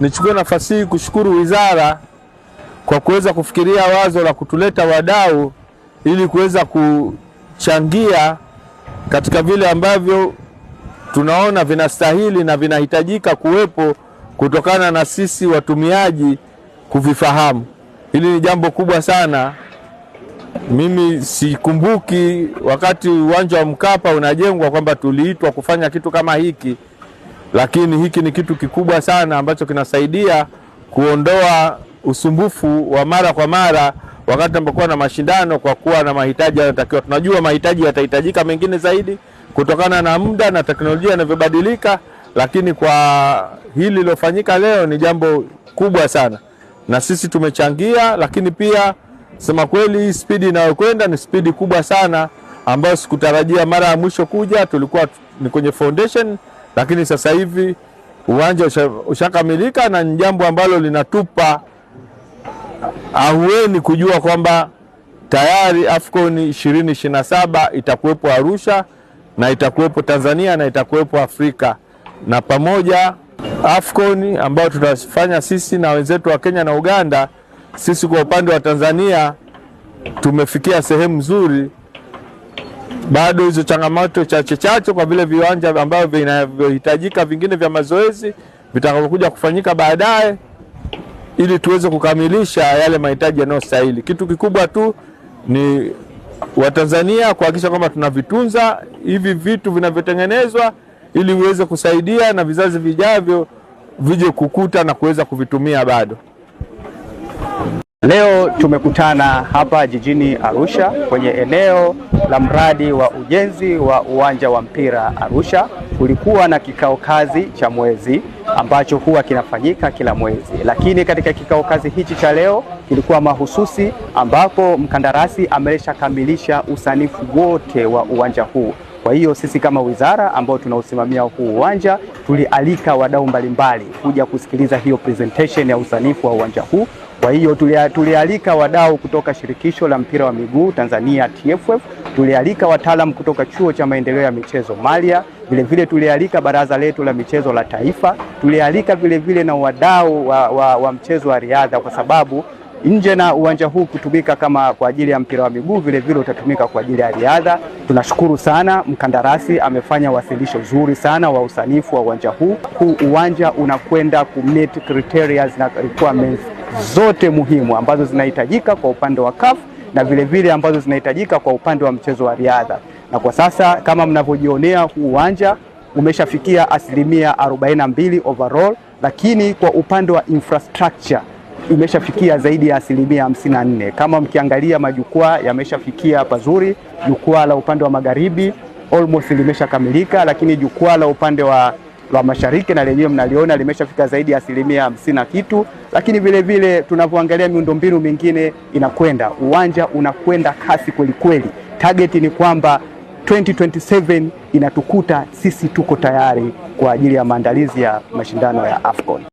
Nichukue nafasi hii kushukuru wizara kwa kuweza kufikiria wazo la kutuleta wadau ili kuweza kuchangia katika vile ambavyo tunaona vinastahili na vinahitajika kuwepo kutokana na sisi watumiaji kuvifahamu. Hili ni jambo kubwa sana. Mimi sikumbuki wakati uwanja wa Mkapa unajengwa kwamba tuliitwa kufanya kitu kama hiki lakini hiki ni kitu kikubwa sana ambacho kinasaidia kuondoa usumbufu wa mara kwa mara wakati tunapokuwa na mashindano, kwa kuwa na mahitaji yanatakiwa. Tunajua mahitaji yatahitajika mengine zaidi kutokana na muda na teknolojia inavyobadilika, lakini kwa hili lilofanyika leo ni jambo kubwa sana, na sisi tumechangia, lakini pia sema kweli, hii spidi inayokwenda ni spidi kubwa sana ambayo sikutarajia. Mara ya mwisho kuja tulikuwa ni kwenye foundation lakini sasa hivi uwanja ushakamilika usha, na ni jambo ambalo linatupa ahueni kujua kwamba tayari AFCON 2027 itakuwepo Arusha na itakuwepo Tanzania na itakuwepo Afrika na pamoja AFCON ambayo tutafanya sisi na wenzetu wa Kenya na Uganda. Sisi kwa upande wa Tanzania tumefikia sehemu nzuri bado hizo changamoto chache chache, kwa vile viwanja ambavyo vinavyohitajika vingine vya mazoezi vitakavyokuja kufanyika baadaye, ili tuweze kukamilisha yale mahitaji yanayostahili. Kitu kikubwa tu ni Watanzania kuhakikisha kwamba tunavitunza hivi vitu vinavyotengenezwa, ili uweze kusaidia na vizazi vijavyo vije kukuta na kuweza kuvitumia bado Leo tumekutana hapa jijini Arusha kwenye eneo la mradi wa ujenzi wa uwanja wa mpira Arusha. Kulikuwa na kikao kazi cha mwezi ambacho huwa kinafanyika kila mwezi, lakini katika kikao kazi hichi cha leo kilikuwa mahususi, ambapo mkandarasi ameshakamilisha usanifu wote wa uwanja huu. Kwa hiyo sisi kama wizara ambao tunausimamia huu uwanja tulialika wadau mbalimbali kuja kusikiliza hiyo presentation ya usanifu wa uwanja huu kwa hiyo tulialika wadau kutoka shirikisho la mpira wa miguu Tanzania TFF, tulialika wataalamu kutoka chuo cha maendeleo ya michezo Malia, vilevile tulialika baraza letu la michezo la taifa, tulialika vilevile na wadau wa, wa, wa mchezo wa riadha kwa sababu nje na uwanja huu kutumika kama kwa ajili ya mpira wa miguu vilevile utatumika kwa ajili ya riadha. Tunashukuru sana, mkandarasi amefanya wasilisho zuri sana wa usanifu wa uwanja huu. Huu uwanja unakwenda kumeet criteria na requirements zote muhimu ambazo zinahitajika kwa upande wa CAF na vilevile vile ambazo zinahitajika kwa upande wa mchezo wa riadha. Na kwa sasa kama mnavyojionea, huu uwanja umeshafikia asilimia 42 overall, lakini kwa upande wa infrastructure imeshafikia zaidi ya asilimia 54. Kama mkiangalia majukwaa yameshafikia pazuri, jukwaa la upande wa magharibi almost limeshakamilika, lakini jukwaa la upande wa la mashariki na lenyewe mnaliona limeshafika zaidi ya asilimia hamsini na kitu, lakini vilevile tunavyoangalia miundombinu mingine inakwenda, uwanja unakwenda kasi kwelikweli. Target ni kwamba 2027 inatukuta sisi tuko tayari kwa ajili ya maandalizi ya mashindano ya AFCON.